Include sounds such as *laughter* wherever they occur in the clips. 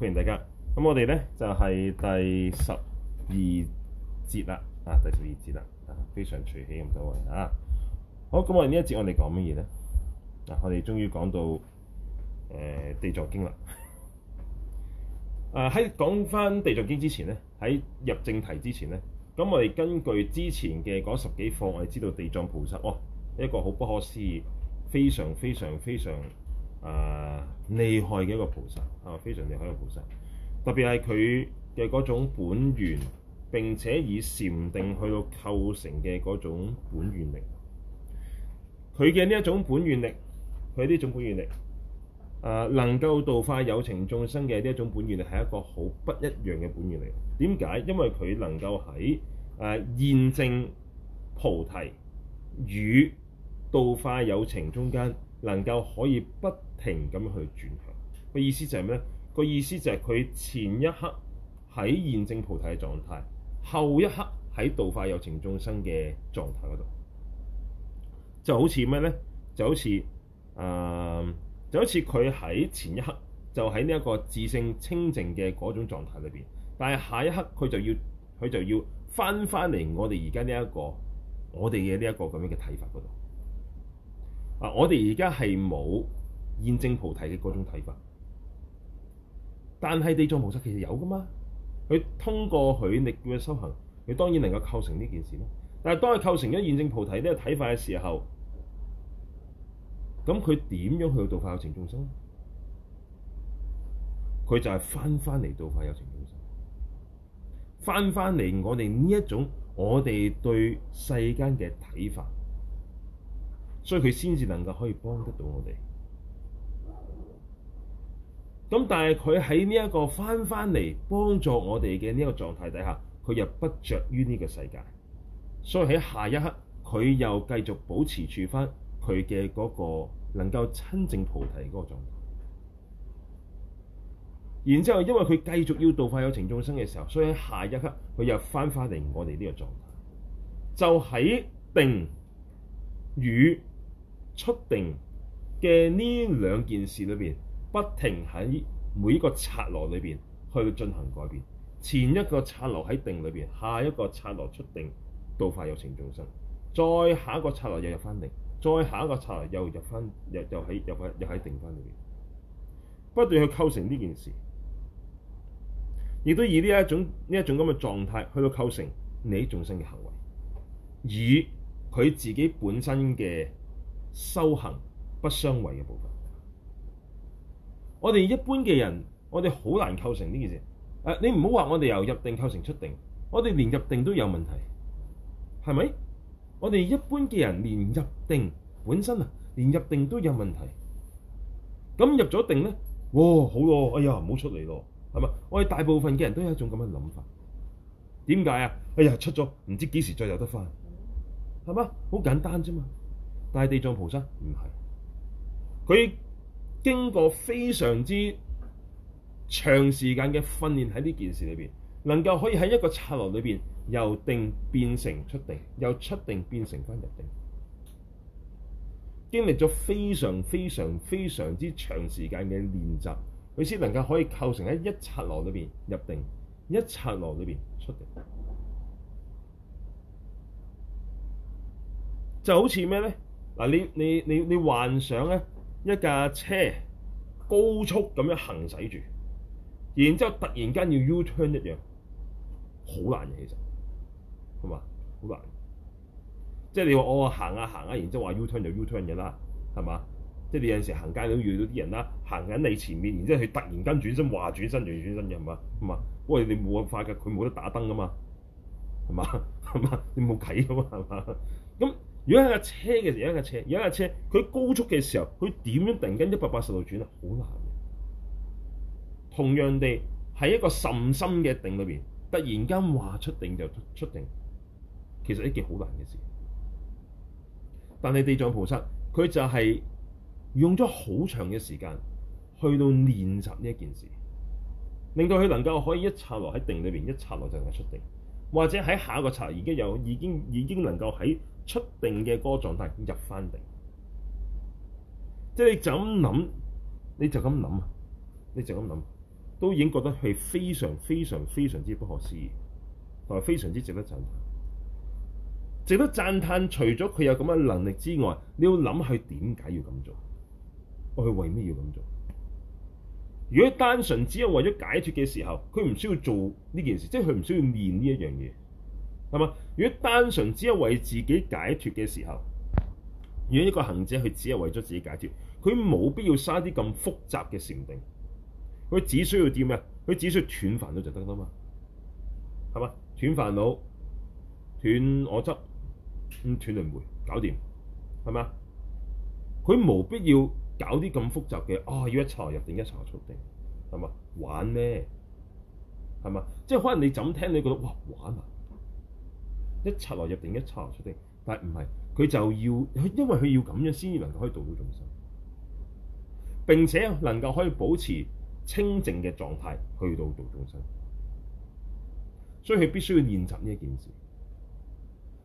歡迎大家，咁我哋咧就係、是、第十二節啦，啊，第十二節啦，啊，非常隨喜咁多位啊。好，咁我哋呢一節我哋講乜嘢咧？嗱、啊，我哋終於講到誒、呃、地藏經啦。誒喺講翻地藏經之前咧，喺入正題之前咧，咁我哋根據之前嘅嗰十幾課，我哋知道地藏菩薩喎一個好不可思議，非常非常非常，誒、啊、厲害嘅一個菩薩，啊，非常之厲害嘅菩薩，特別係佢嘅嗰種本願，並且以禪定去到構成嘅嗰種本願力，佢嘅呢一種本願力，佢呢種本願力，誒、啊、能夠度化有情眾生嘅呢一種本願力係一個好不一樣嘅本願力。點解？因為佢能夠喺誒、啊、現證菩提與度化有情中間。能夠可以不停咁樣去轉向，個意思就係咩咧？個意思就係佢前一刻喺現證菩提嘅狀態，後一刻喺度化有情眾生嘅狀態嗰度，就好似咩咧？就好似誒、呃，就好似佢喺前一刻就喺呢一個自性清淨嘅嗰種狀態裏邊，但係下一刻佢就要佢就要返返嚟我哋而家呢一個我哋嘅呢一個咁樣嘅睇法嗰度。啊！我哋而家係冇現證菩提嘅嗰種睇法，但係地藏菩薩其實有㗎嘛？佢通過佢力叫佢修行，佢當然能夠構成呢件事咯。但係當佢構成咗現證菩提呢個睇法嘅時候，咁佢點樣去度化有情眾生？佢就係翻翻嚟度化有情眾生，翻翻嚟我哋呢一種我哋對世間嘅睇法。所以佢先至能夠可以幫得到我哋。咁但係佢喺呢一個翻翻嚟幫助我哋嘅呢個狀態底下，佢又不着於呢個世界。所以喺下一刻，佢又繼續保持住翻佢嘅嗰個能夠親證菩提嗰個狀態。然之後，因為佢繼續要度化有情眾生嘅時候，所以喺下一刻，佢又翻翻嚟我哋呢個狀態。就喺定與出定嘅呢兩件事裏邊，不停喺每一個剎那裏邊去進行改變。前一個剎那喺定裏邊，下一個剎那出定度化有情眾生，再下一個剎那又入返定，再下一個剎那又入返，又又喺又喺又喺定返裏邊，不斷去構成呢件事，亦都以呢一種呢一種咁嘅狀態去到構成你眾生嘅行為，以佢自己本身嘅。修行不相違嘅部分，我哋一般嘅人，我哋好難構成呢件事。誒、呃，你唔好話我哋由入定構成出定，我哋連入定都有問題，係咪？我哋一般嘅人連入定本身啊，連入定都有問題。咁入咗定咧，哇，好喎！哎呀，唔好出嚟咯，係咪？我哋大部分嘅人都有一種咁嘅諗法。點解啊？哎呀，出咗唔知幾時再有得翻，係嘛？好簡單啫嘛～但係地藏菩薩唔係，佢經過非常之長時間嘅訓練喺呢件事裏邊，能夠可以喺一個剎那裏邊由定變成出定，由出定變成翻入定，經歷咗非常非常非常之長時間嘅練習，佢先能夠可以構成喺一剎那裏邊入定，一剎那裏邊出定，就好似咩呢？嗱你你你你幻想咧一架車高速咁樣行駛住，然之後突然間要 U turn 一樣，好難嘅其實，係嘛？好難，即係你話我行啊行啊，然之後話 U turn 就 U turn 嘅啦，係嘛？即係你有陣時行街都遇到啲人啦，行緊你前面，然之後佢突然間轉身話轉身就轉身嘅，係嘛？咁啊，因你冇法覺佢冇得打燈噶嘛，係嘛？係嘛？你冇啟噶嘛？係嘛？咁。如果一架車嘅，有一架車，有一架車，佢高速嘅時候，佢點樣突然間一百八十度轉啊？好難嘅。同樣地，喺一個甚深嘅定裏邊，突然間話出定就出定，其實一件好難嘅事。但係地藏菩薩佢就係用咗好長嘅時間去到練習呢一件事，令到佢能夠可以一插落喺定裏邊，一插落就係出定，或者喺下一個插已經有已經已經能夠喺。出定嘅嗰個狀態入翻嚟，即係你就咁諗，你就咁諗啊，你就咁諗，都已經覺得係非常非常非常之不可思議，同埋非常之值得讚歎。值得讚歎，除咗佢有咁嘅能力之外，你要諗佢點解要咁做？佢為咩要咁做？如果單純只係為咗解脫嘅時候，佢唔需要做呢件事，即係佢唔需要練呢一樣嘢。係嘛？如果單純只係為自己解脫嘅時候，如果一個行者佢只係為咗自己解脫，佢冇必要嘥啲咁複雜嘅禪定，佢只需要做咩？佢只需要斷煩惱就得啦嘛。係嘛？斷煩惱、斷我執、咁、嗯、斷輪迴，搞掂係咪？佢冇必要搞啲咁複雜嘅。啊、哦，要一坐入定一坐出定係嘛？玩咩係嘛？即係可能你就咁聽，你覺得哇玩啊！一剎落入定，一剎落出定，但係唔係佢就要因為佢要咁樣先能夠可以度到眾生，並且能夠可以保持清淨嘅狀態去度到度眾生，所以佢必須要練習呢一件事。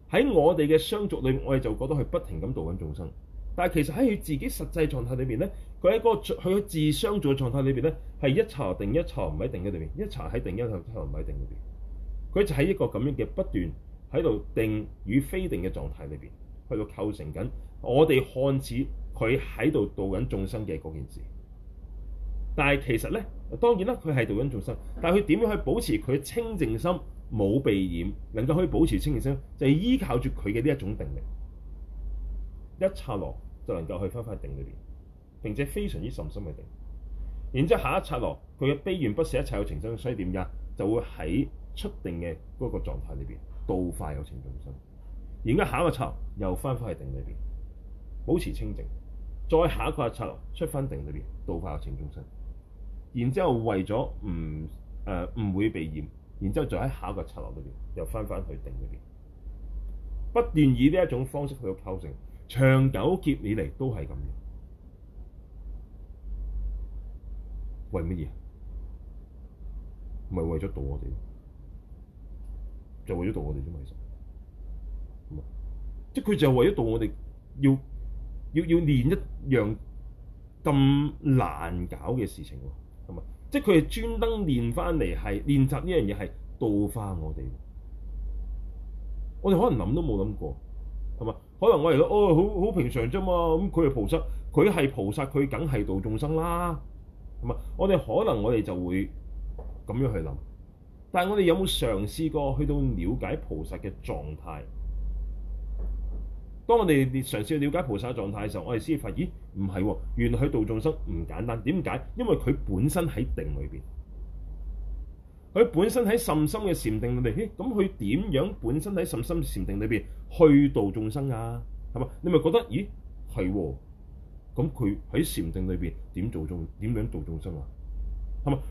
喺我哋嘅相續裏面，我哋就覺得佢不停咁度緊眾生，但係其實喺佢自己實際狀態裏面咧，佢喺嗰個佢嘅自相續狀態裏面咧，係一剎定一剎唔係定嘅裏面，一剎喺定一剎唔係定嗰邊，佢就喺一個咁樣嘅不斷。喺度定與非定嘅狀態裏邊，去到構成緊我哋看似佢喺度度緊眾生嘅嗰件事。但係其實咧，當然啦，佢係度緊眾生，但係佢點樣去保持佢清淨心冇被染，能夠可以保持清淨心，就係、是、依靠住佢嘅呢一種定力。一插落，就能夠去翻返定裏邊，並且非常之深心去定。然之後下一插落，佢嘅悲願不捨一切有情身，所以點解就會喺出定嘅嗰個狀態裏邊，道快有情中心，而家下一個巢，又翻返去定裏邊，保持清淨，再下一個巢出翻定裏邊，道快有情中心。然之後為咗唔誒，唔會被染，然之後就喺下一個巢落裏邊，又翻返去定裏邊，不斷以呢一種方式去構成，長久劫以嚟都係咁樣，為乜嘢？唔咪為咗道我哋。就為咗度我哋啫嘛，其實，即係佢就係為咗度我哋，要要要練一樣咁難搞嘅事情喎，係嘛？即係佢係專登練翻嚟係練習呢樣嘢，係度翻我哋。我哋可能諗都冇諗過，係嘛？可能我哋都哦，好、哎、好平常啫嘛。咁佢係菩薩，佢係菩薩，佢梗係度眾生啦，係嘛？我哋可能我哋就會咁樣去諗。但係我哋有冇嘗試過去到了解菩薩嘅狀態？當我哋嘗試去了解菩薩嘅狀態嘅時候，我哋先發現，咦，唔係喎，原來佢去度眾生唔簡單。點解？因為佢本身喺定裏邊，佢本身喺甚深嘅禪定裏邊。咦，咁佢點樣本身喺甚深禪定裏邊去度眾生啊？係嘛？你咪覺得，咦，係喎，咁佢喺禪定裏邊點度眾？點樣度眾生啊？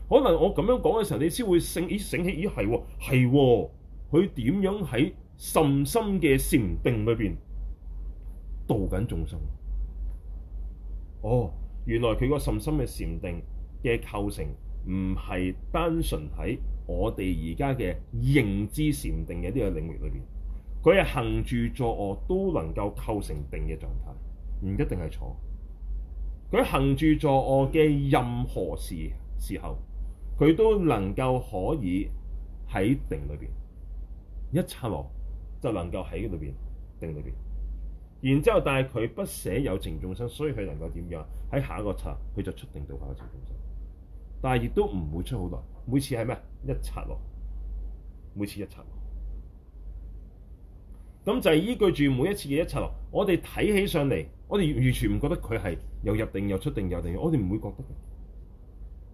可能我咁樣講嘅時候，你先會醒咦，醒起咦，係喎，係喎，佢點樣喺甚深嘅禪定裏邊度緊眾生？哦，原來佢個甚深嘅禪定嘅構成唔係單純喺我哋而家嘅認知禪定嘅呢個領域裏邊，佢係行住坐臥都能夠構成定嘅狀態，唔一定係坐。佢行住坐臥嘅任何事，時候，佢都能夠可以喺定裏邊一剎落，就能夠喺裏邊定裏邊。然之後，但係佢不捨有情眾生，所以佢能夠點樣喺下一個剎，佢就出定到下個情眾生。但係亦都唔會出好耐，每次係咩？一剎落，每次一剎落。咁就係依據住每一次嘅一剎落，我哋睇起上嚟，我哋完全唔覺得佢係又入定又出定又定，我哋唔會覺得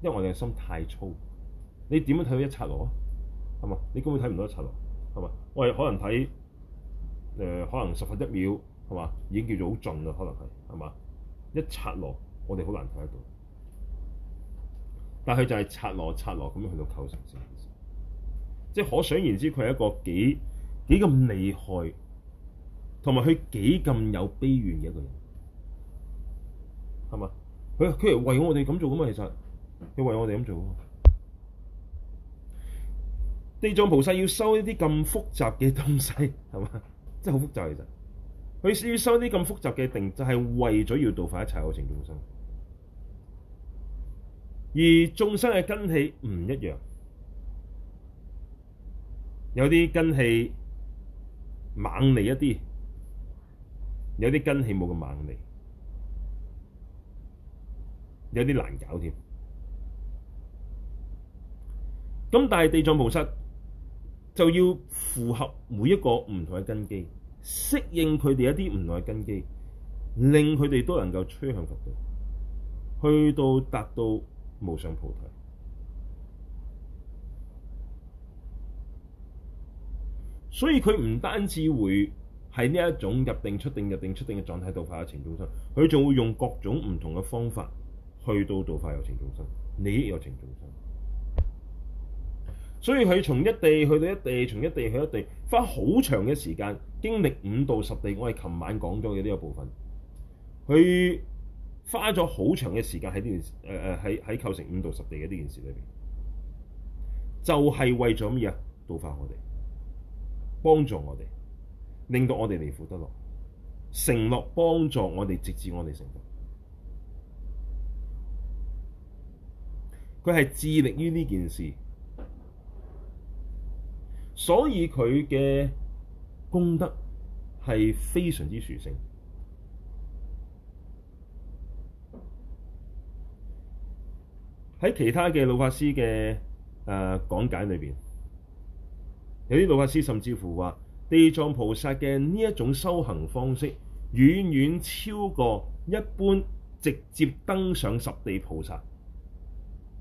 因為我哋嘅心太粗，你點樣睇到一剎那啊？係嘛？你根本睇唔到一剎那，係嘛？我哋可能睇誒、呃，可能十分一秒係嘛，已經叫做好盡啦。可能係係嘛一剎那，我哋好難睇得到。但係佢就係剎那剎那咁樣去到構成先，即係可想而知，佢係一個幾幾咁厲害，同埋佢幾咁有悲願嘅一個人係嘛？佢佢係為我哋咁做噶嘛？其實。要為我哋咁做，地藏菩薩要修一啲咁複雜嘅東西，係嘛？真係好複雜嚟，其實佢要修啲咁複雜嘅定，就係為咗要度化一切有情眾生。而眾生嘅根器唔一樣，有啲根器猛利一啲，有啲根器冇咁猛利，有啲難搞添。咁但係地藏菩薩就要符合每一個唔同嘅根基，適應佢哋一啲唔同嘅根基，令佢哋都能夠趨向佛道，去到達到無上菩提。所以佢唔單止會係呢一種入定出定入定出定嘅狀態度化有情眾生，佢仲會用各種唔同嘅方法去到度化有情眾生，利益有情眾生。所以佢從一地去到一地，從一地去一地，花好長嘅時間，經歷五到十地。我係琴晚講咗嘅呢個部分，佢花咗好長嘅時間喺呢件事，誒誒喺喺構成五到十地嘅呢件事裏邊，就係、是、為咗乜嘢啊？度化我哋，幫助我哋，令到我哋離苦得樂，承諾幫助我哋直至我哋成功。佢係致力於呢件事。所以佢嘅功德係非常之殊勝。喺其他嘅老法師嘅誒、呃、講解裏邊，有啲老法師甚至乎話，地藏菩薩嘅呢一種修行方式，遠遠超過一般直接登上十地菩薩，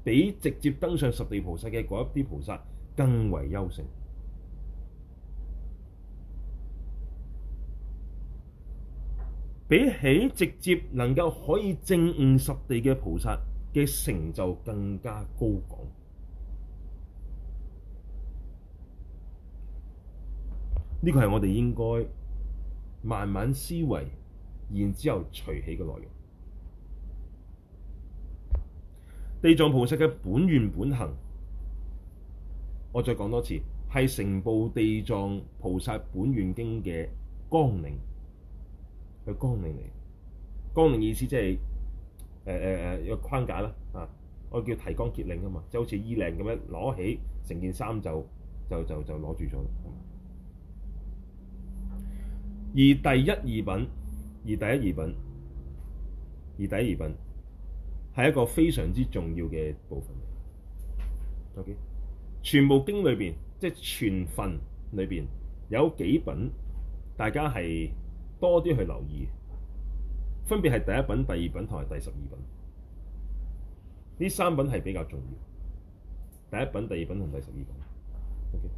比直接登上十地菩薩嘅嗰一啲菩薩更為優勝。比起直接能夠可以正悟十地嘅菩薩嘅成就更加高廣，呢個係我哋應該慢慢思維，然之後除起嘅內容。地藏菩薩嘅本願本行，我再講多次，係成部地藏菩薩本願經嘅綱領。佢綱領嚟，綱領意思即係誒誒誒一個框架啦，啊，我叫提綱挈領啊嘛，就好似衣領咁樣攞起成件衫就就就就攞住咗。而第一二品，而第一二品，而第一二品係一個非常之重要嘅部分。OK。全部經裏邊，即係全份裏邊有幾品，大家係。多啲去留意，分別係第一品、第二品同埋第十二品，呢三品係比較重要。第一品、第二品同第十二品，OK，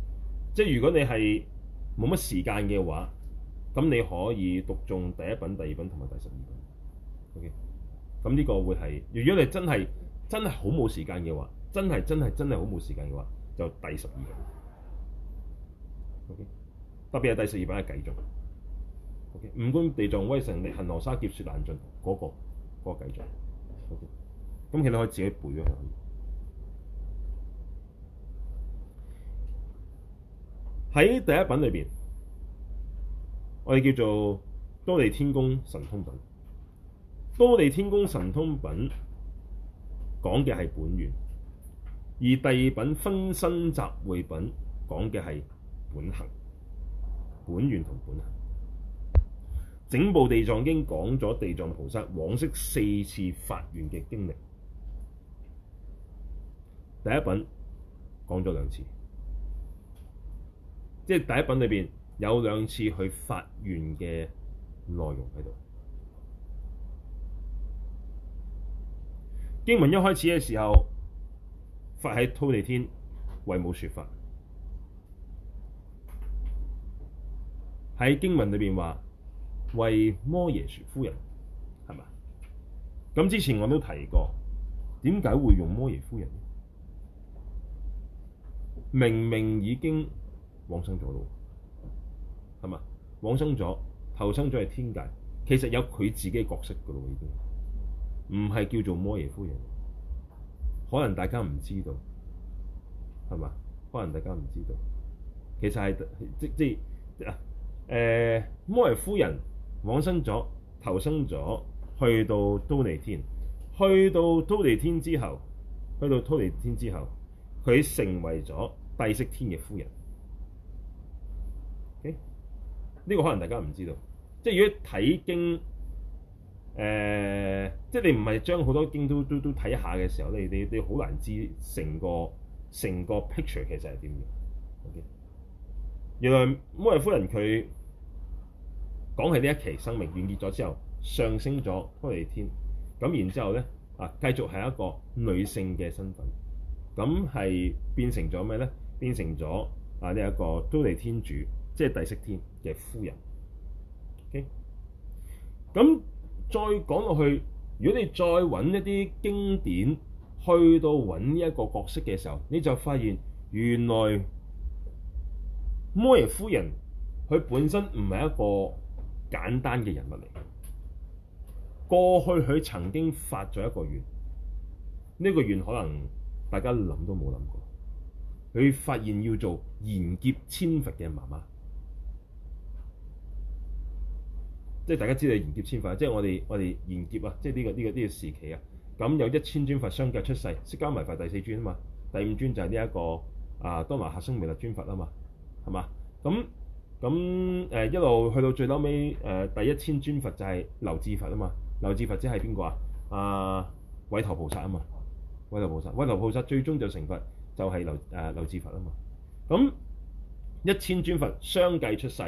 即係如果你係冇乜時間嘅話，咁你可以讀中第一品、第二品同埋第十二品，OK，咁呢個會係。如果你係真係真係好冇時間嘅話，真係真係真係好冇時間嘅話，就第十二品，OK，特別係第十二品係計中。吾觀、okay. 地藏威神力恒河沙劫說難盡，嗰、那個嗰、那個繼續。咁其實可以自己背咗佢。喺 Okay. 第一品裏邊，我哋叫做忉利天宮神通品。忉利天宮神通品講嘅係本願，而第二品分身集會品講嘅係本行，本願同本行。整部地藏經講咗地藏菩薩往昔四次發願嘅經歷，第一品講咗兩次，即係第一品裏邊有兩次去發願嘅內容喺度。經文一開始嘅時候，發喺忉利天為母說法，喺經文裏邊話。為摩耶夫人，係嘛？咁之前我都提過，點解會用摩耶夫人？明明已經往生咗咯，係嘛？往生咗，投生咗係天界，其實有佢自己嘅角色噶咯，已經唔係叫做摩耶夫人。可能大家唔知道，係嘛？可能大家唔知道，其實係即即係啊誒、呃、摩耶夫人。往生咗，投生咗，去到忉利天，去到忉利天之後，去到忉利天之後，佢成為咗帝釋天嘅夫人。OK，呢個可能大家唔知道，即係如果睇經，誒、呃，即係你唔係將好多經都都都睇下嘅時候，你你你好難知成個成個 picture 其實係點嘅。OK，原來摩耶夫人佢。講起呢一期生命完結咗之後，上升咗忉利天咁，然之後咧啊，繼續係一個女性嘅身份咁，係變成咗咩咧？變成咗啊呢一個忉利天主，即係帝釋天嘅夫人。咁、okay? 再講落去，如果你再揾一啲經典去到揾呢一個角色嘅時候，你就發現原來摩耶夫人佢本身唔係一個。簡單嘅人物嚟嘅，過去佢曾經發咗一個願，呢個願可能大家諗都冇諗過，佢發願要做賢劫千佛嘅媽媽，即係大家知道賢劫千佛，即係我哋我哋賢劫啊，即係呢個呢個呢個時期啊，咁有一千尊佛相繼出世，釋迦牟尼佛第四尊啊嘛，第五尊就係呢一個啊當來下生彌勒尊佛啊嘛，係嘛，咁。咁誒一路去到最嬲尾誒第一千尊佛就係樓至佛啊嘛，樓至佛即係邊個啊？啊、呃，韋陀菩薩啊嘛，韋陀菩薩，韋陀菩薩最終就成佛就係、是、樓誒、呃、樓至佛啊嘛。咁一千尊佛相繼出世，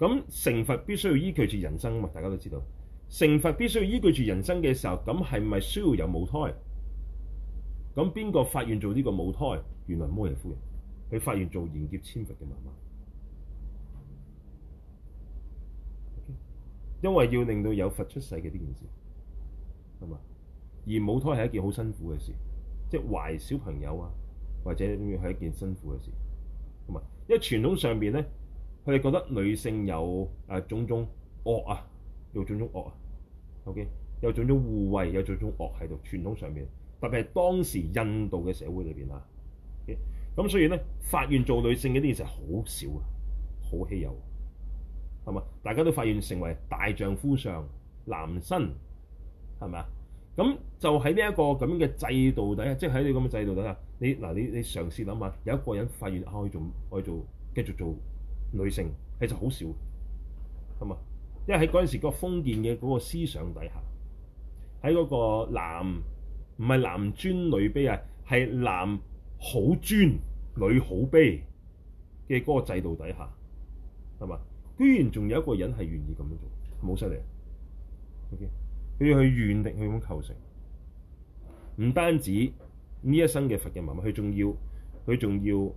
咁成佛必須要依據住人生啊嘛，大家都知道，成佛必須要依據住人生嘅時候，咁係咪需要有母胎？咁邊個發願做呢個母胎？原來摩耶夫人去發願做賢劫千佛嘅媽媽。因為要令到有佛出世嘅呢件事，係嘛？而母胎係一件好辛苦嘅事，即係懷小朋友啊，或者係一件辛苦嘅事，係嘛？因為傳統上邊咧，佢哋覺得女性有誒種種惡啊，有種種惡啊，OK，有種種護衞，有種種惡喺度。傳統上邊，特別係當時印度嘅社會裏邊啊，咁所以咧，發願做女性嘅呢件事好少啊，好稀有。係嘛？大家都發現成為大丈夫上男生係咪啊？咁就喺呢一個咁嘅制度底下，即係喺你咁嘅制度底下，你嗱你你嘗試諗下，有一個人發現可以、啊、做可以做繼續做女性，其實好少。係嘛？因為喺嗰陣時個封建嘅嗰個思想底下，喺嗰個男唔係男尊女卑啊，係男好尊女好卑嘅嗰個制度底下，係嘛？居然仲有一個人係願意咁樣做，冇失禮。O.K. 佢要去願力去咁構成，唔單止呢一生嘅佛嘅媽媽，佢仲要佢仲要誒、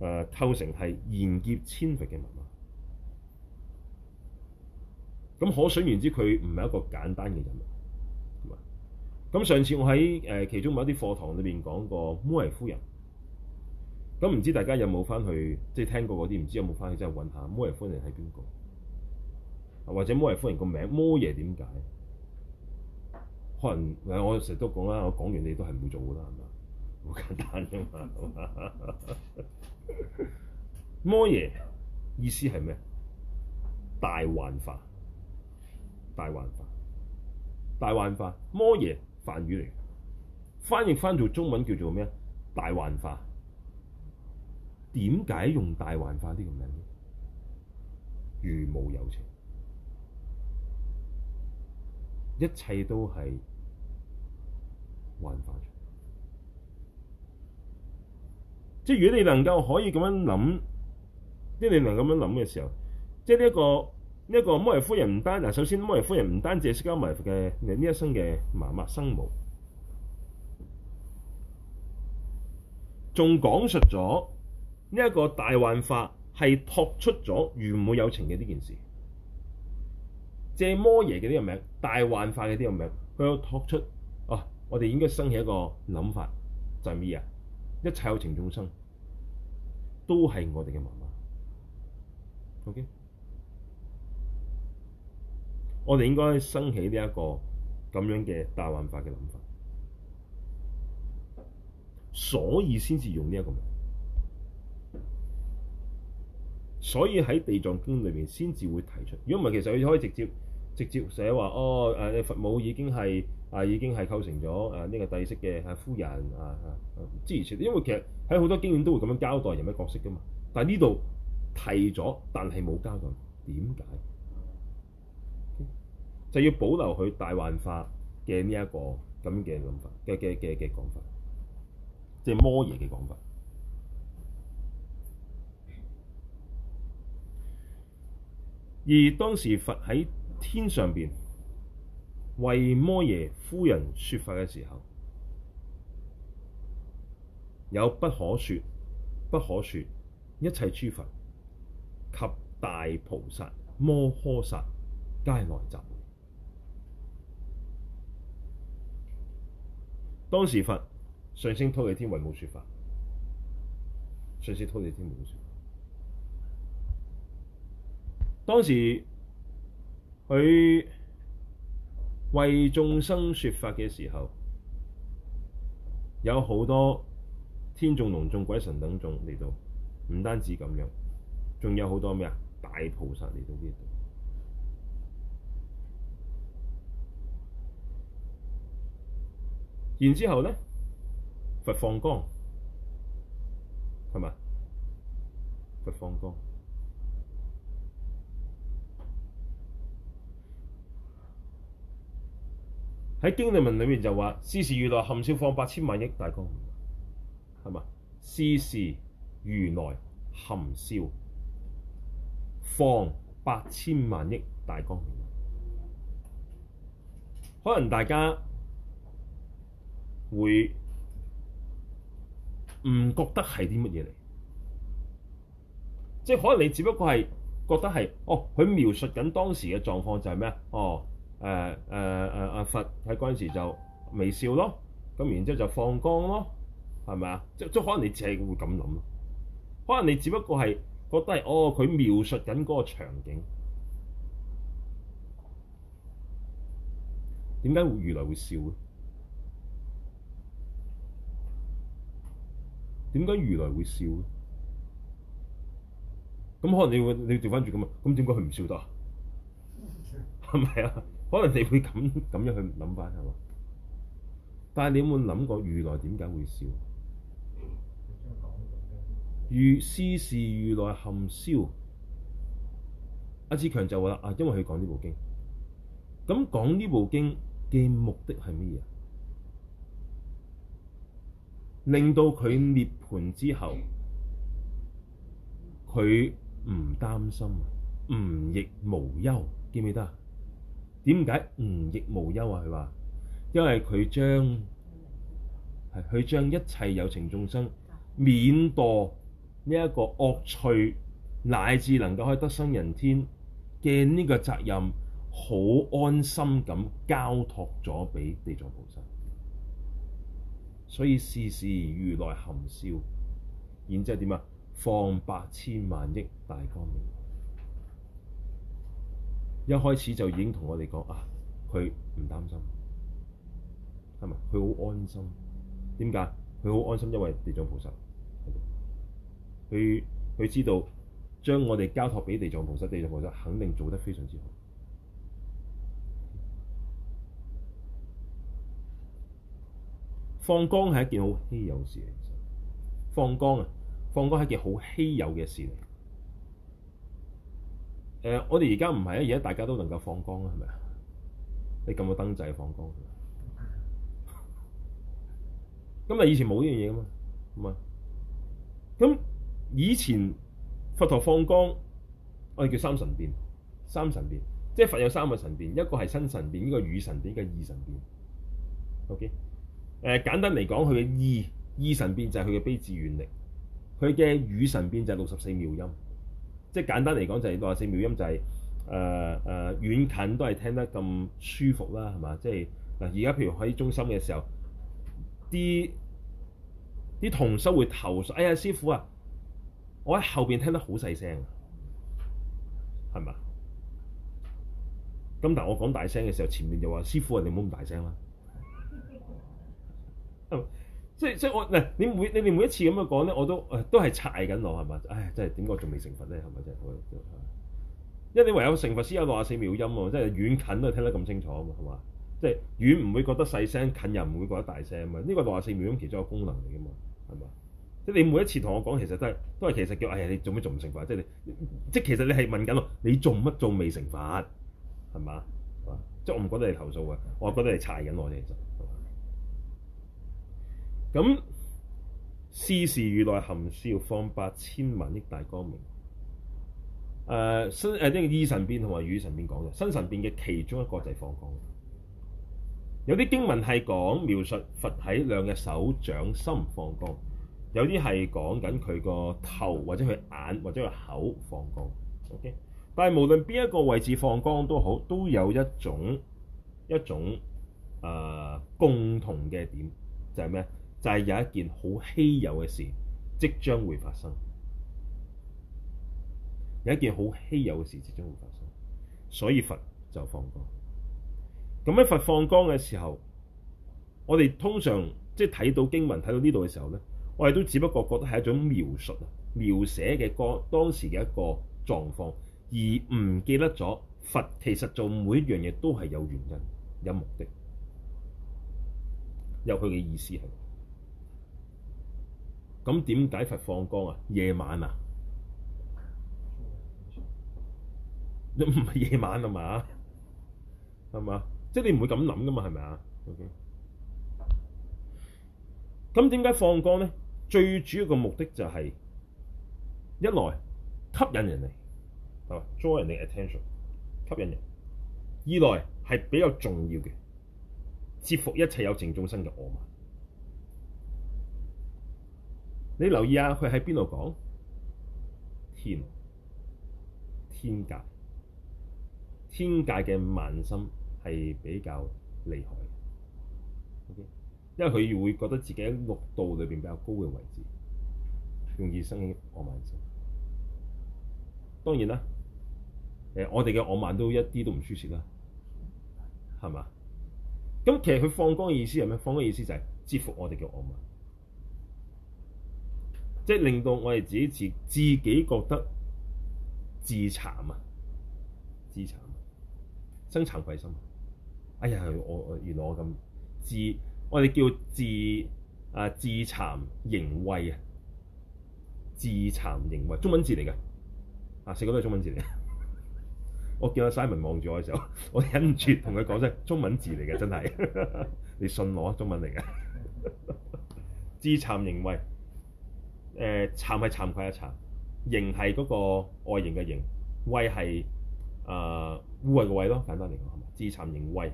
呃、構成係賢劫千佛嘅媽媽。咁可想而知，佢唔係一個簡單嘅人物。咁上次我喺誒、呃、其中某一啲課堂裏邊講過摩耶夫人。咁唔知大家有冇翻去即係聽過嗰啲？唔知有冇翻去即係揾下摩耶夫人係邊個，或者摩耶夫人個名摩耶點解？可能誒，我成日都講啦，我講完你都係唔會做啦，係咪好簡單啫嘛？ *laughs* *laughs* 摩耶意思係咩？大幻化，大幻化，大幻化。摩耶梵語嚟，翻譯翻做中文叫做咩？大幻化。點解用大幻化啲咁名嘅？如母有情，一切都係幻化出。即係如果你能夠可以咁樣諗，即係你能咁樣諗嘅時候，即係呢一個呢一、這個摩耶夫人唔單嗱，首先摩耶夫人唔單止係釋迦牟尼嘅呢一生嘅媽媽生母，仲講述咗。呢一個大幻化係托出咗如母有情嘅呢件事，借摩耶嘅呢個名、大幻化嘅呢個名，佢有托出啊！我哋應該生起一個諗法，就係咩啊？一切有情眾生都係我哋嘅媽媽。OK，我哋應該生起呢一個咁樣嘅大幻化嘅諗法，所以先至用呢一個名。所以喺地藏經裏邊先至會提出，如果唔係，其實佢可以直接直接寫話哦，你、啊、佛母已經係啊已經係構成咗誒呢個帝釋嘅夫人啊啊之類、啊啊、因為其實喺好多經典都會咁樣交代人物角色㗎嘛。但係呢度提咗，但係冇交代點解就要保留佢大幻化嘅呢一個咁嘅諗法嘅嘅嘅嘅講法，即係摩耶嘅講法。而當時佛喺天上邊為摩耶夫人説法嘅時候，有不可説、不可説一切諸佛及大菩薩、摩訶薩皆來集會。當時佛上升忉利天為母説法，上升忉利天為母説。當時佢為眾生説法嘅時候，有好多天眾、龍眾、鬼神等眾嚟到，唔單止咁樣，仲有好多咩啊？大菩薩嚟到呢度，然之後咧，佛放光，係咪？佛放光。喺經理文裏面就話：斯時如來含笑放八千萬億大光明，係咪？斯時如來含笑放八千萬億大光明，可能大家會唔覺得係啲乜嘢嚟？即係可能你只不過係覺得係哦，佢描述緊當時嘅狀況就係咩？哦。誒誒誒阿，佛喺嗰陣時就微笑咯，咁然之後就放光咯，係咪啊？即即可能你只係會咁諗咯，可能你只不過係覺得係哦，佢描述緊嗰個場景，點解會如來會笑咧？點解如來會笑咧？咁可能你會你調翻住咁啊？咁點解佢唔笑得啊？係咪啊？可能你會咁咁樣，樣去諗返係嘛？但係你有冇諗過如來點解會笑？ *noise* 如世是如來含笑，阿、啊、志強就話啦：啊，因為佢講呢部經。咁講呢部經嘅目的係乜嘢？」令到佢涅槃之後，佢唔擔心，唔亦無憂，記唔記得啊？點解吾亦無憂啊？佢話：因為佢將係佢將一切有情眾生免墮呢一個惡趣，乃至能夠可以得生人天嘅呢個責任，好安心咁交託咗俾地藏菩薩。所以事事如來含笑，然之後點啊？放百千萬億大光明。一開始就已經同我哋講啊，佢唔擔心，係咪？佢好安心。點解？佢好安心，因為地藏菩薩，佢佢知道將我哋交託俾地藏菩薩，地藏菩薩肯定做得非常之好。放光係一件好稀有事嚟，其實放光啊！放光係一件好稀有嘅事嚟。誒、呃，我哋而家唔係啊，而家大家都能夠放光啦，係咪啊？你撳個燈掣放光，咁啊，以前冇呢樣嘢噶嘛，咁嘛？咁以前佛陀放光，我哋叫三神變。三神變，即係佛有三個神變，一個係身神變，依個語神變，依個意神變。OK，誒、呃、簡單嚟講，佢嘅意意神變就係佢嘅悲智願力，佢嘅語神變就係六十四妙音。即係簡單嚟講，就係六十四秒音、就是，就係誒誒遠近都係聽得咁舒服啦，係嘛？即係嗱，而家譬如喺中心嘅時候，啲啲同修會投訴，哎呀，師傅啊，我喺後邊聽得好細聲，係嘛？咁但係我講大聲嘅時候，前面就話師傅、啊，你唔好咁大聲啦、啊。嗯即即我嗱，你每你哋每一次咁樣講咧，我都都係踩緊我，係嘛？唉，真係點解仲未成佛咧？係咪真係？因為你唯有成佛先有六十四妙音喎，即係遠近都聽得咁清楚啊嘛，係嘛？即係遠唔會覺得細聲，近又唔會覺得大聲啊嘛。呢個六十四妙音其中一個功能嚟嘅嘛，係嘛？即係你每一次同我講，其實都係都係其實叫，唉、哎，你做乜仲唔成佛？即係你即係其實你係問緊我，你做乜仲未成佛？係嘛？係嘛？即係我唔覺得你係投訴嘅，我覺得你係踩緊我哋啫。其實咁，斯時如來含笑放八千萬億大光明。誒身、誒，即係意神變同埋語神變，講嘅身神變嘅其中一個就係放光。有啲經文係講描述佛喺兩隻手掌心放光，有啲係講緊佢個頭或者佢眼或者佢口放光。O.K.，但係無論邊一個位置放光都好，都有一種一種誒、呃、共同嘅點，就係、是、咩？就係有一件好稀有嘅事即將會發生，有一件好稀有嘅事即將會發生，所以佛就放光。咁喺佛放光嘅時候，我哋通常即係睇到經文睇到呢度嘅時候咧，我哋都只不過覺得係一種描述啊、描寫嘅光，當時嘅一個狀況，而唔記得咗佛其實做每一樣嘢都係有原因、有目的、有佢嘅意思係。咁點解佛放光啊？夜晚啊？唔係夜晚係 *laughs* 嘛？係嘛？即係你唔會咁諗噶嘛？係咪啊？Okay。咁點解放光咧？最主要嘅目的就係一來吸引人嚟，係咪？Draw 人哋 attention，吸引人。二來係比較重要嘅，折服一切有情眾生嘅我慢。你留意下佢喺邊度講？天天界天界嘅慢心係比較厲害，因為佢會覺得自己喺六道裏邊比較高嘅位置，容易生起傲慢心。當然啦，誒我哋嘅傲慢都一啲都唔舒適啦，係嘛？咁其實佢放光嘅意思係咩？放光意思就係折服我哋嘅傲慢。即係令到我哋自己自自己覺得自慘啊！自慘啊，生慚愧心，啊。哎呀，我，我原來我咁自，我哋叫自啊自慘盈畏啊！自慘盈畏，中文字嚟嘅啊，四個都係中文字嚟嘅。 *laughs* 我見阿 Simon 望住我嘅時候，我忍唔住同佢講聲：中文字嚟嘅，真係 *laughs* 你信我，中文嚟嘅自慘盈畏。誒慚係慚愧嘅慚，形係嗰個外形嘅形，穢係誒污穢嘅穢咯。簡單嚟講，自慚形穢。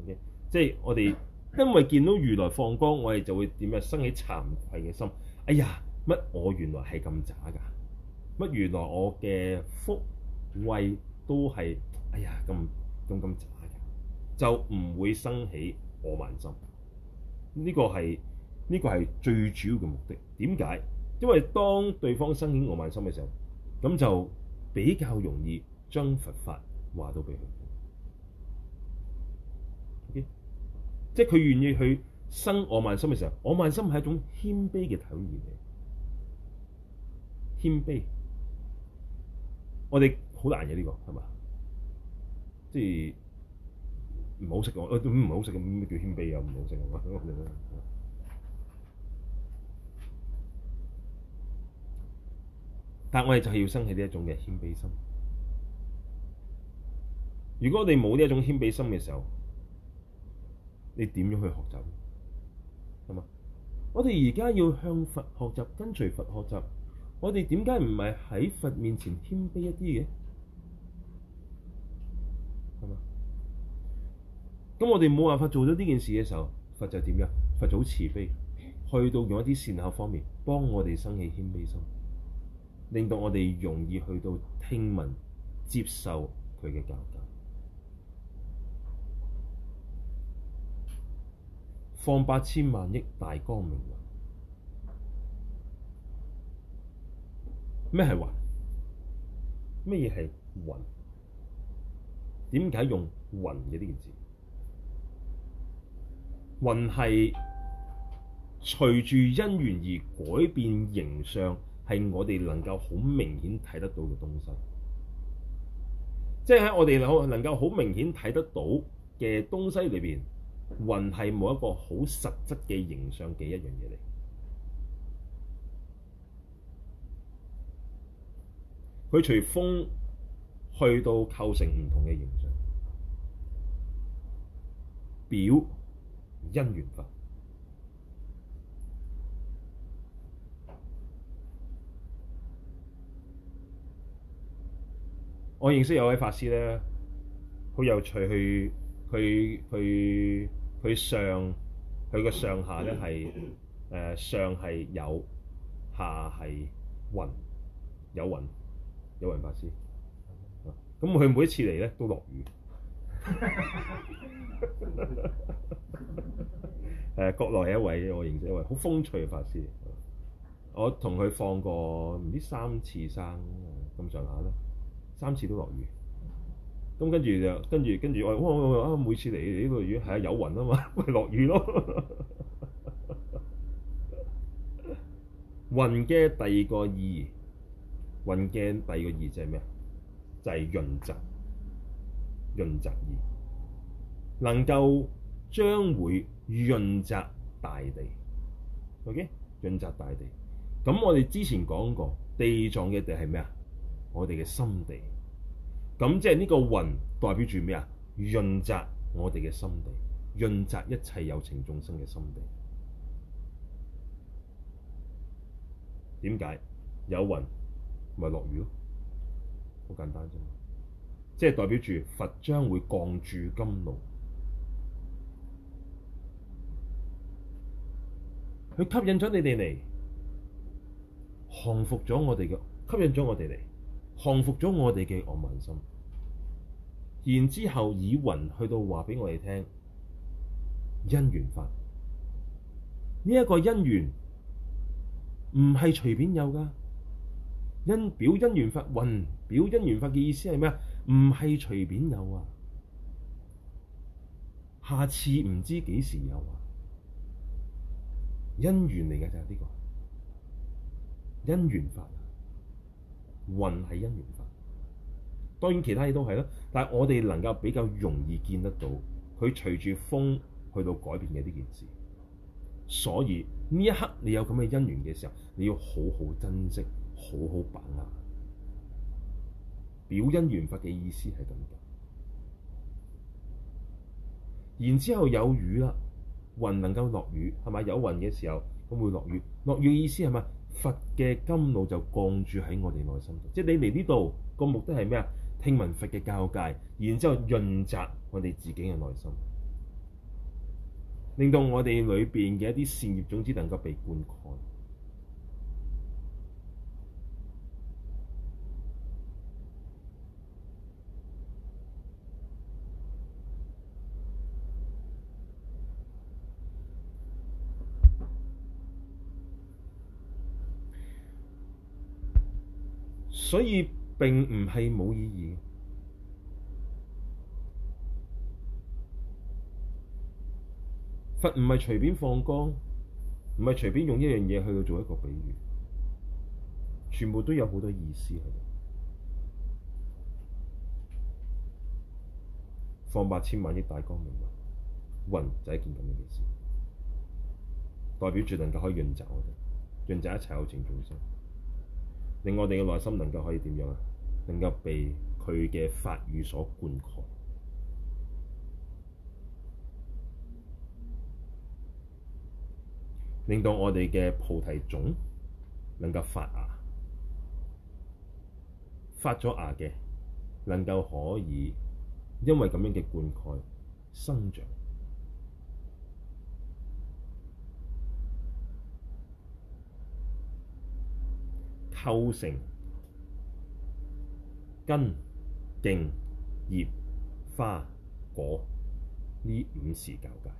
O.K.，即係我哋因為見到如來放光，我哋就會點樣生起慚愧嘅心。哎呀，乜我原來係咁渣㗎？乜原來我嘅福慧都係哎呀咁咁咁渣㗎？就唔會生起我慢心。呢、呢個係呢、呢個係最主要嘅目的。點解？因為當對方生起我慢心嘅時候，咁就比較容易將佛法話到俾佢。Okay? 即係佢願意去生我慢心嘅時候，我慢心係一種謙卑嘅體驗嚟。謙卑，我哋好難嘅呢個係嘛？即係唔好食㗎，呃，唔好食嘅，叫謙卑又唔好食但我哋就係要生起呢一種嘅謙卑心。如果我哋冇呢一種謙卑心嘅時候，你點樣去學習？係嘛？我哋而家要向佛學習，跟隨佛學習。我哋點解唔係喺佛面前謙卑一啲嘅？係嘛？咁我哋冇辦法做咗呢件事嘅時候，佛就點樣？佛祖慈悲，去到用一啲善後方面，幫我哋生起謙卑心。令到我哋容易去到聽聞、接受佢嘅教教。放八千萬億大光明、啊、雲，咩係雲？咩嘢係雲？點解用雲嘅呢件事？雲係隨住因緣而改變形相。係我哋能夠好明顯睇得到嘅東西，即係喺我哋能能夠好明顯睇得到嘅東西裏邊，雲係冇一個好實質嘅形象嘅一樣嘢嚟。佢隨風去到構成唔同嘅形象，表因緣法。我認識有位法師咧，好有趣，去佢佢佢上，佢個上下咧係誒上係有下係雲有雲有雲法師咁佢、嗯、每一次嚟咧都落雨誒、 *laughs* 呃。國內係一位我認識一位好風趣嘅法師，我同佢放過唔知三次生咁上下啦。嗯。三次都落雨，咁跟住就跟住跟住我哇，哇、啊、每次嚟呢個雨係啊有雲啊嘛，咪落雨咯。雲嘅第二個、就係、意，雲嘅第二個意就係咩啊？就係潤澤，潤澤意能夠將會潤澤大地，Ok，潤澤大地。咁、okay? 我哋之前講過地藏嘅地係咩啊？我哋嘅心地，咁即係呢個雲代表住咩啊？潤澤我哋嘅心地，潤澤一切有情眾生嘅心地。點解有雲咪落雨咯？好簡單啫嘛，即係代表住佛將會降住金龍，佢吸引咗你哋嚟，降服咗我哋嘅吸引咗我哋嚟。降服咗我哋嘅我慢心，然之後以雲去到話俾我哋聽因緣法，呢一個因緣唔係隨便有噶，因表因緣法，雲表因緣法嘅意思係咩啊？唔係隨便有啊，下次唔知幾時有啊？因緣嚟嘅就係呢個因緣法。雲係因緣法，當然其他嘢都係啦。但係我哋能夠比較容易見得到，佢隨住風去到改變嘅呢件事。所以呢一刻你有咁嘅因緣嘅時候，你要好好珍惜，好好把握。表因緣法嘅意思係咁。然之後有雨啦，雲能夠落雨，係咪？有雲嘅時候，咁會落雨。落雨嘅意思係咪？佛嘅甘露就降注喺我哋內心度，即係你嚟呢度個目的係咩啊？聽聞佛嘅教誡，然之後潤澤我哋自己嘅內心，令到我哋裏邊嘅一啲善業種子能夠被灌溉。所以並唔係冇意義，佛唔係隨便放光，唔係隨便用一樣嘢去做一個比喻，全部都有好多意思喺度。放八千萬億大光明雲就係一件咁樣嘅事，代表住能夠可以潤澤我哋，潤澤一切有情眾生。令我哋嘅內心能夠可以點樣啊？能夠被佢嘅法語所灌溉，令到我哋嘅菩提種能夠發芽，發咗芽嘅能夠可以因為咁樣嘅灌溉生長。構成根莖葉花果呢五時教界，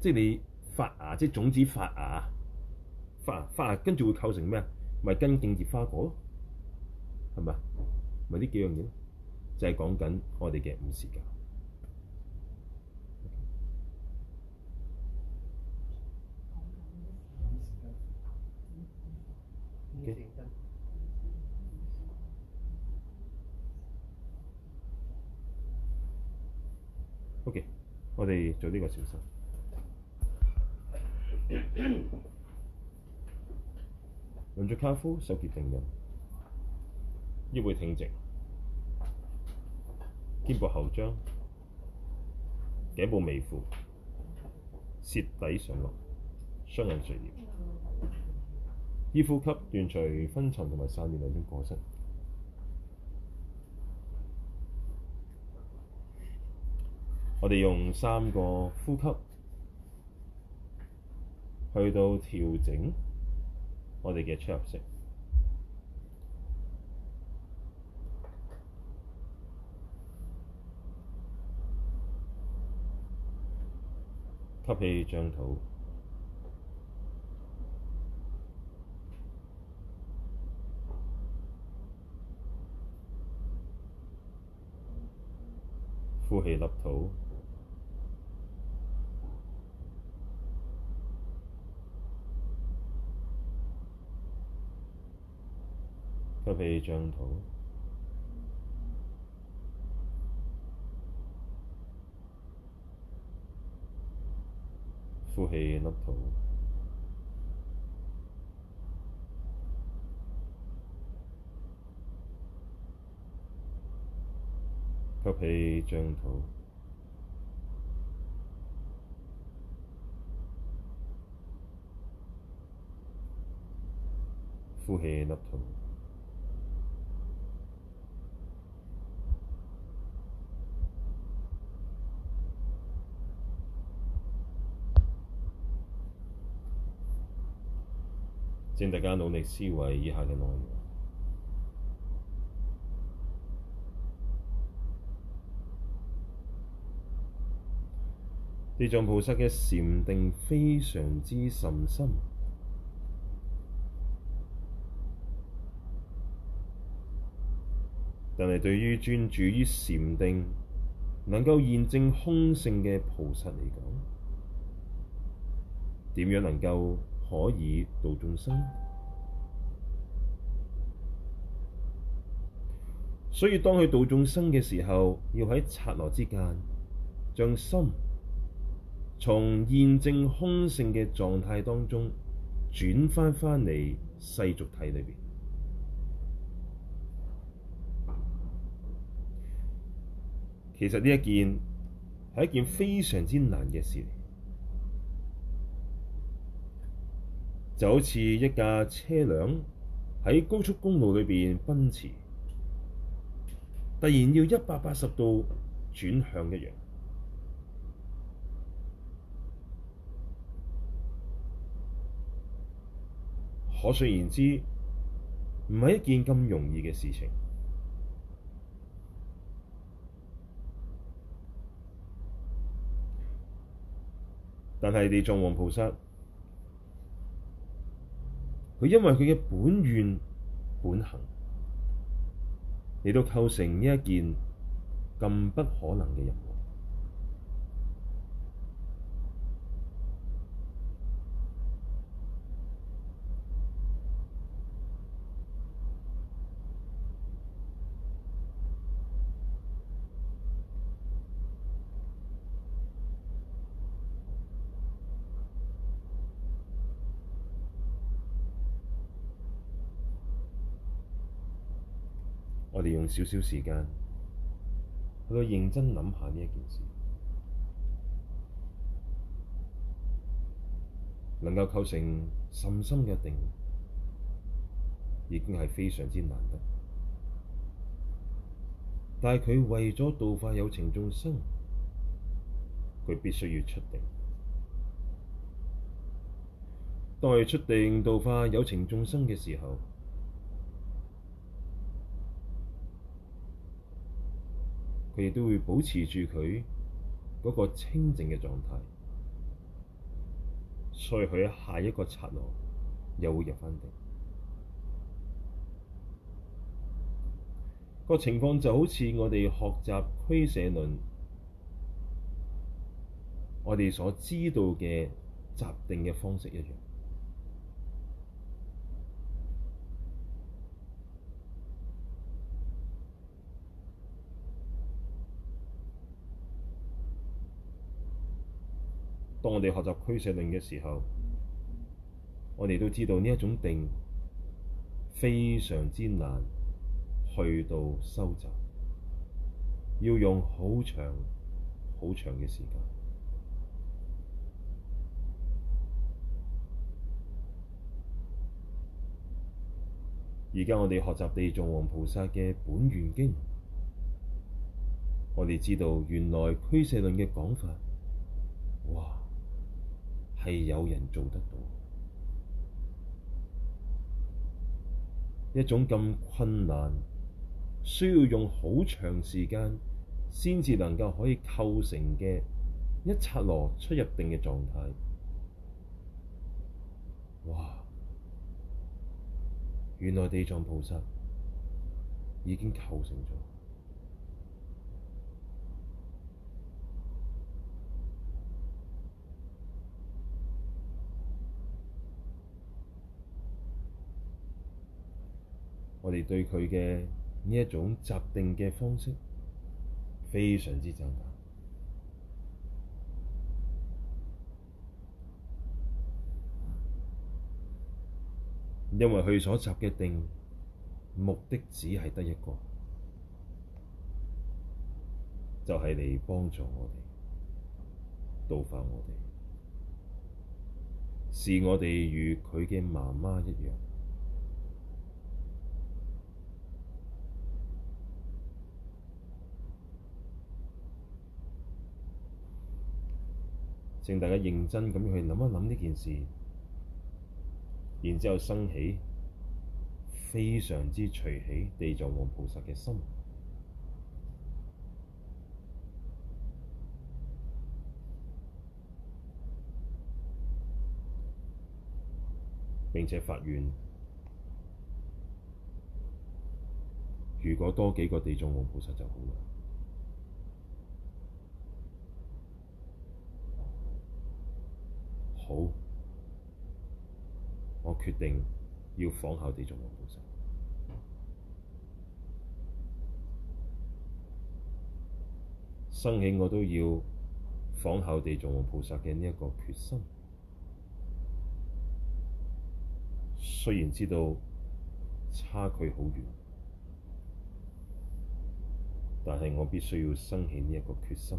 即係你發芽，即係種子發芽發芽發芽，跟住會構成咩啊？咪根莖葉花果咯，係咪啊？咪呢幾樣嘢咯，就係講緊我哋嘅五時教。OK，我哋做呢個小身，用住 *coughs* 卡夫手結定印，腰背挺直，肩部後張，頸部微俯，舌底上落，雙眼垂簾，依呼吸，斷除昏沉同埋散亂兩種過我哋用三個呼吸去到調整我哋嘅出入息，吸氣張肚，呼氣立肚。呼氣，脹肚；呼氣，粒肚；吸氣，脹肚；呼氣，粒肚。大家努力思維以下嘅內容。呢種菩薩嘅禪定非常之甚深，但係對於專注於禪定，能夠現證空性嘅菩薩嚟講，點樣能夠？可以度眾生，所以當佢度眾生嘅時候，要喺剎那之間，將心從現證空性嘅狀態當中轉翻翻嚟世俗諦裏邊。其實呢一件係一件非常之難嘅事。就好似一架車輛喺高速公路裏邊奔馳，突然要一百八十度轉向一樣。可想而知，唔係一件咁容易嘅事情。但係地藏王菩薩，佢因為佢嘅本願本行嚟到構成呢一件咁不可能嘅任務。少少時間，去認真諗下呢一件事，能夠構成甚深嘅定，已經係非常之難得。但係佢為咗度化有情眾生，佢必須要出定。當佢出定度化有情眾生嘅時候，佢哋都會保持住佢嗰個清淨嘅狀態，所以佢下一個剎那又會入翻定。這個情況就好似我哋學習《俱舍論》，我哋所知道嘅習定嘅方式一樣。我哋學習俱舍論嘅時候，我哋都知道呢一種定非常之難去到收集，要用好長好長嘅時間。而家我哋學習地藏王菩薩嘅本願經，我哋知道原來俱舍論嘅講法，哇！係有人做得到一種咁困難，需要用好長時間先至能夠可以構成嘅一剎那出入定嘅狀態。哇！原來地藏菩薩已經構成咗。我哋對佢嘅呢一種集定嘅方式非常之讚嘆，因為佢所集嘅定目的只係得一個，就係嚟幫助我哋度化我哋，視我哋如佢嘅媽媽一樣。請大家認真咁去諗一諗呢件事，然之後生起非常之隨喜地藏王菩薩嘅心，並且發願，如果多幾個地藏王菩薩就好啦。好，我決定要仿效地藏王菩薩，生起我都要仿效地藏王菩薩嘅呢一個決心。雖然知道差距好遠，但係我必須要生起呢一個決心。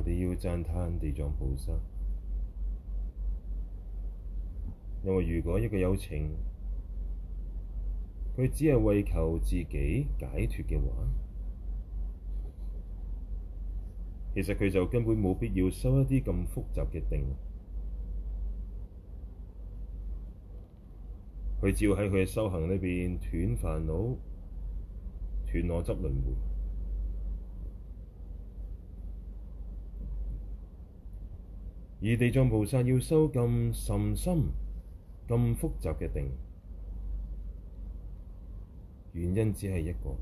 我哋要讚嘆地藏菩薩，因為如果一個有情，佢只係為求自己解脱嘅話，其實佢就根本冇必要修一啲咁複雜嘅定，佢只要喺佢嘅修行裏邊斷煩惱、斷我執、輪回。而地藏菩薩要修咁甚深、咁複雜嘅定，原因只係一個，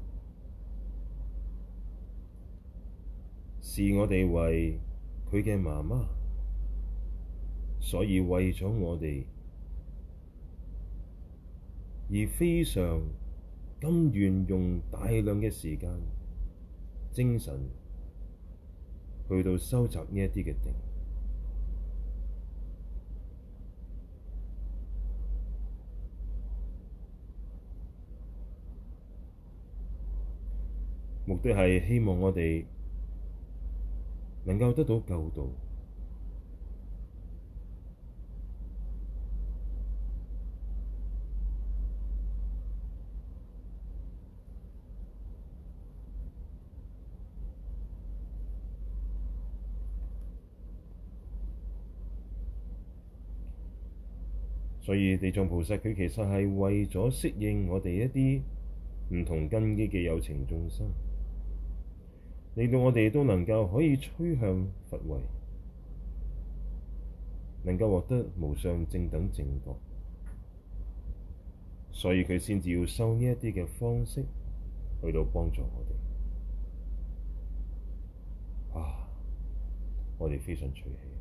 是我哋為佢嘅媽媽，所以為咗我哋而非常甘願用大量嘅時間、精神去到收集呢一啲嘅定。目的係希望我哋能夠得到救度，所以地藏菩薩佢其實係為咗適應我哋一啲唔同根基嘅有情眾生。令到我哋都能夠可以趨向佛位，能夠獲得無上正等正覺，所以佢先至要收呢一啲嘅方式去到幫助我哋。啊，我哋非常隨喜。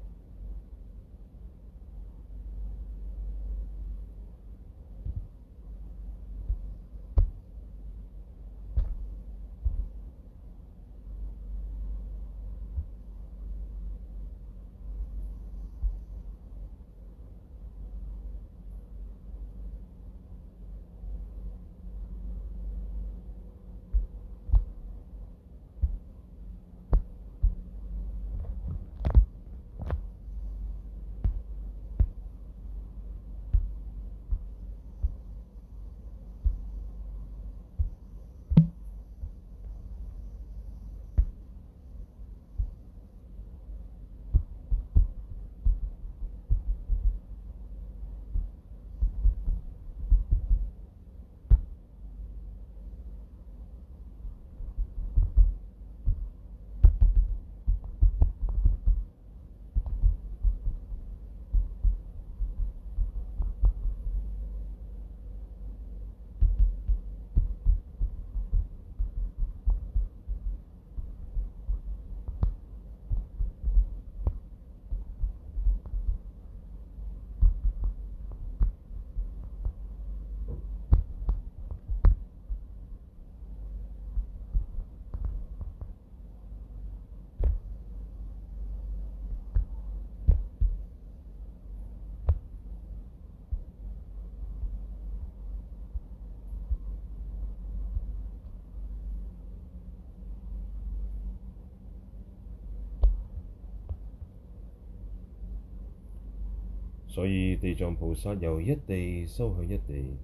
所以地藏菩薩由一地修向一地，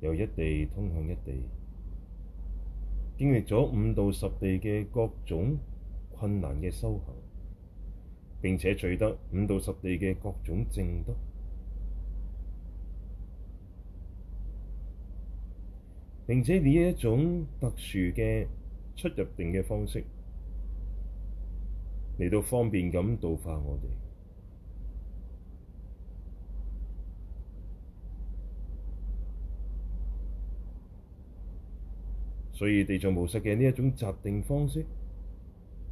由一地通向一地，經歷咗五到十地嘅各種困難嘅修行，並且取得五到十地嘅各種正德，並且以一種特殊嘅出入定嘅方式嚟到方便咁度化我哋。所以地藏菩薩嘅呢一種習定方式，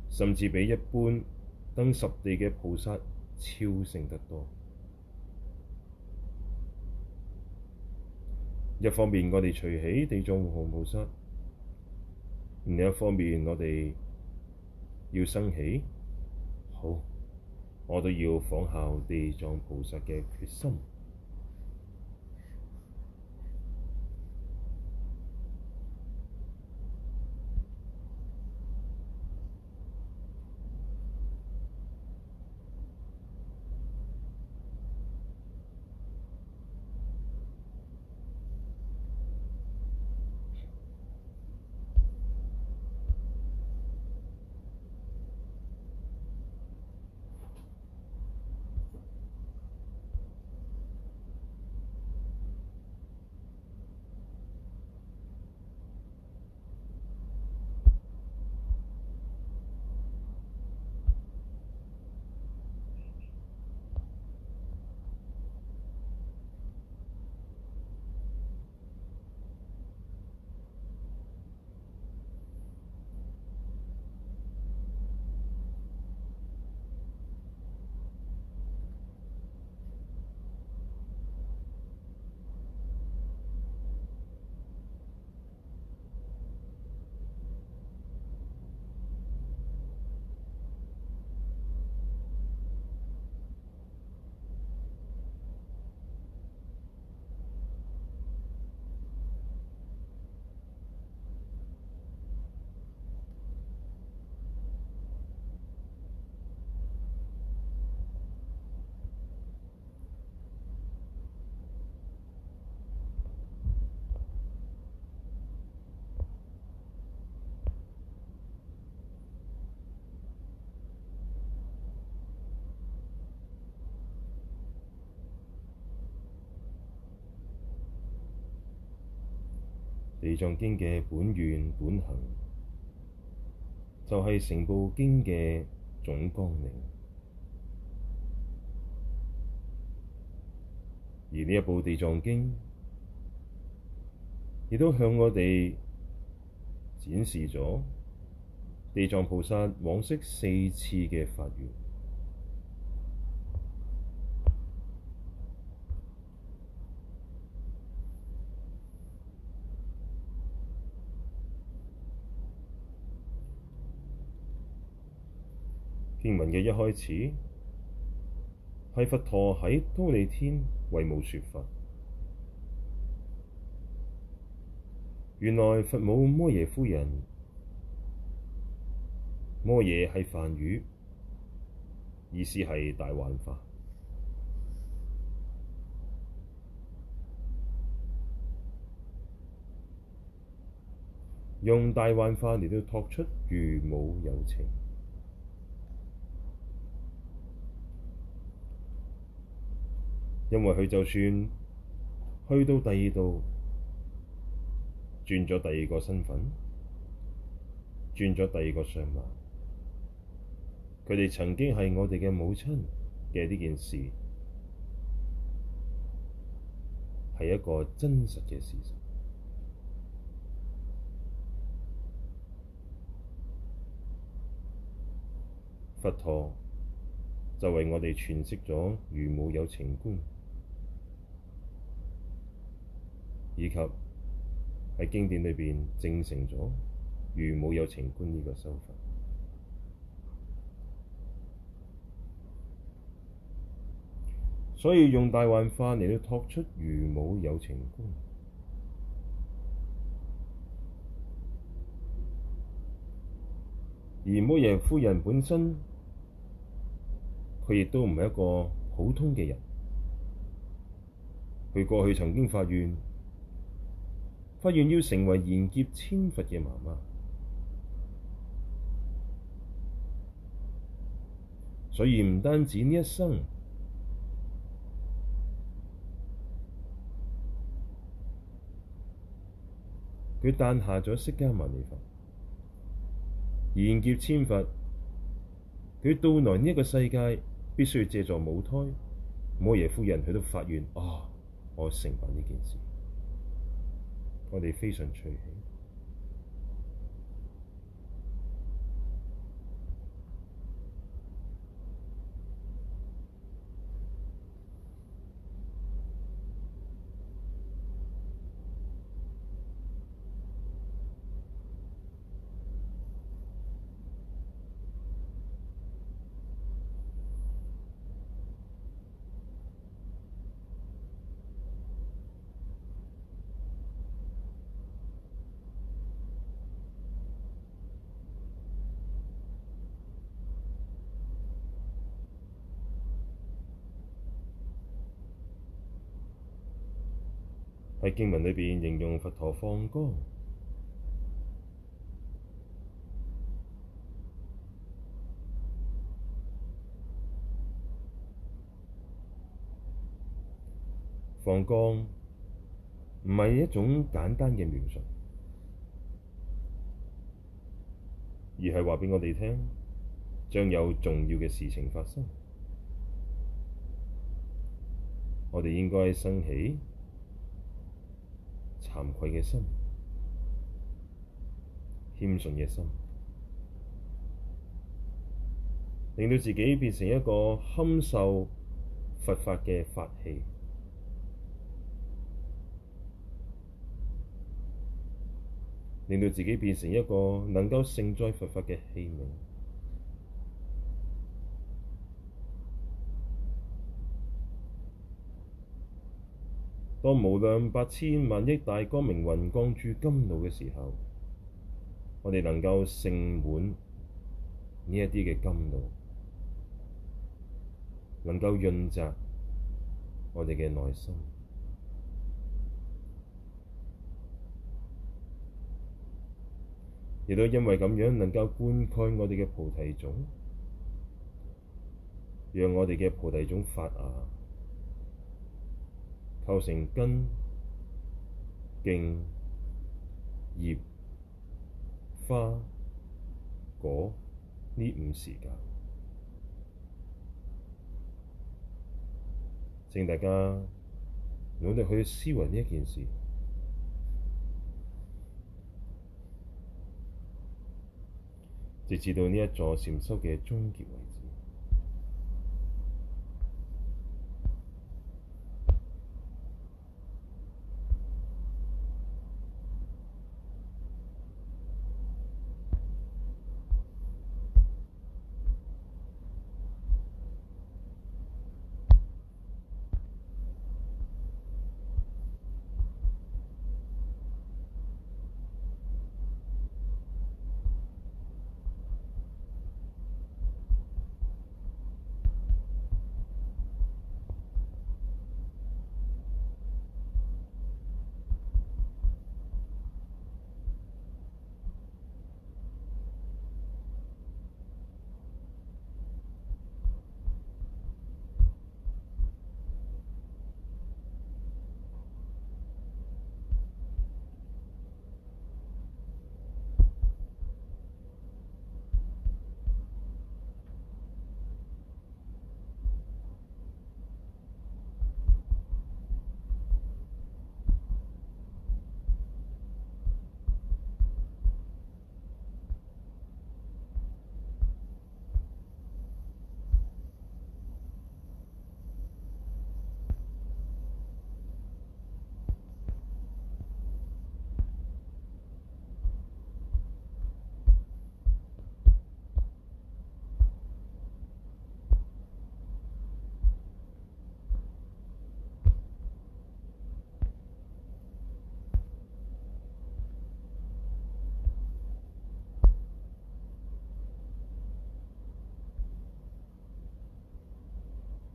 甚至比一般登十地嘅菩薩超勝得多。一方面我哋隨喜地藏菩薩，另一方面我哋要生起，好，我都要仿效地藏菩薩嘅決心。地藏經嘅本願本行，就係成部經嘅總綱領。而呢一部地藏經，亦都向我哋展示咗地藏菩薩往昔四次嘅發願。經文嘅一開始係佛陀喺忉利天為母說法，原來佛母摩耶夫人，摩耶係梵語，意思係大幻化，用大幻化嚟到托出如母有情。因為佢就算去到第二度，轉咗第二個身份，轉咗第二個相貌，佢哋曾經係我哋嘅母親嘅呢件事，係一個真實嘅事實。佛陀就為我哋傳釋咗如母有情觀。以及喺經典裏邊證成咗如母有情觀呢個手法，所以用大幻化嚟到托出如母有情觀。而摩耶夫人本身，佢亦都唔係一個普通嘅人，佢過去曾經發願。發願要成為賢劫千佛嘅媽媽，所以唔單止呢一生，佢誕下咗釋迦牟尼佛。賢劫千佛，佢到來呢一個世界必須要藉助母胎。摩耶夫人，去到發願，啊、哦，我承辦呢件事。我哋非常隨喜。喺經文裏邊形容佛陀放光，放光唔係一種簡單嘅描述，而係話畀我哋聽，將有重要嘅事情發生，我哋應該生起慚愧嘅心，謙遜嘅心，令到自己變成一個堪受佛法嘅法器，令到自己變成一個能夠盛載佛法嘅器皿。當無量百千萬億大光明雲降注甘露嘅時候，我哋能夠盛滿呢一啲嘅甘露，能夠潤澤我哋嘅內心，亦都因為咁樣能夠灌溉我哋嘅菩提種，讓我哋嘅菩提種發芽。構成根、莖、葉、花、果呢五時間，請大家努力去思維呢一件事，直至到呢一座禪修嘅終結為止。